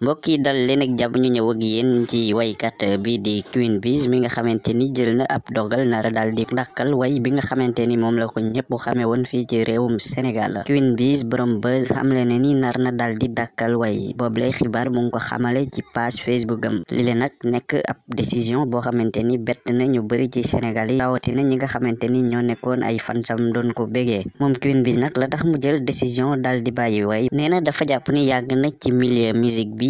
mbokk yi dal leen ak jàmm ñu ñëw ak yéen ci bi di Queen Biz mi nga xamante ni jël na ab dogal nara daal di dakkal way bi nga xamante ni moom la ko ñëpp xamee woon fii ci réewum Sénégal Queen Biz borom buzz xamle ne ni nar na daal di dakkal way boobu lay xibaar mu ngi ko xamale ci page Facebook am li leen nag nekk ab décision boo xamante ni bett na ñu bëri ci Sénégal yi rawatina ñi nga xamante ni ñoo nekkoon ay fansam doon ko bégee moom Queen Biz nag la tax mu jël décision daal di bàyyi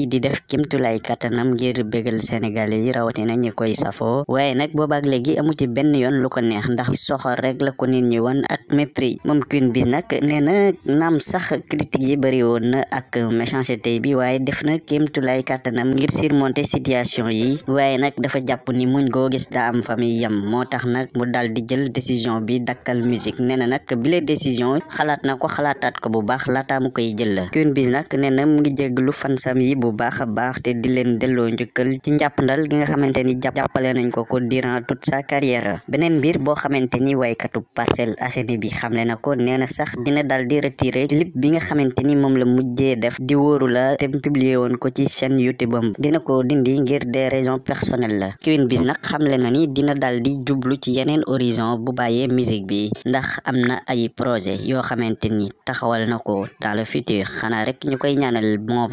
bi di def kimtulay kattanam ngir bégal sénégalais yi rawatina ñi koy safoo waaye nag boobaak léegi amu ci benn yoon lu ko neex ndax soxor rek la ko nit ñi wan ak mépris moom Queen Biz nag nee na naam sax critique yi bëri woon na ak méchanceté bi waaye def na kimtulay kattanam ngir surmonter situation yi waaye nag dafa jàpp ni muñ goo gis daa am famille yam moo tax nag mu dal di jël décision bi dakkal musique nee na nag bile décision xalaat na ko xalaataat ko bu baax laata mu koy jël Queen Biz nag nee na mu ngi jéglu fansam yi bu bu baax a baax te di leen delloo njëkkal ci njàppandal gi nga xamante ni jàppale nañ ko ko durant toute sa carrière beneen mbir boo xamante ni waykatu Parcelles Assainies bi xamle na ko nee na sax dina daal di retirer clip bi nga xamante ni moom la mujjee def di wóoru la woon ko ci chaîne YouTube am dina la Queen Biz nag xamle na ni dina daal di jublu ci yeneen horizon bu bàyyee musique bi ndax am na ay projet yoo xamante ni taxawal na ko dans le futur xanaa rek ñu koy ñaanal bon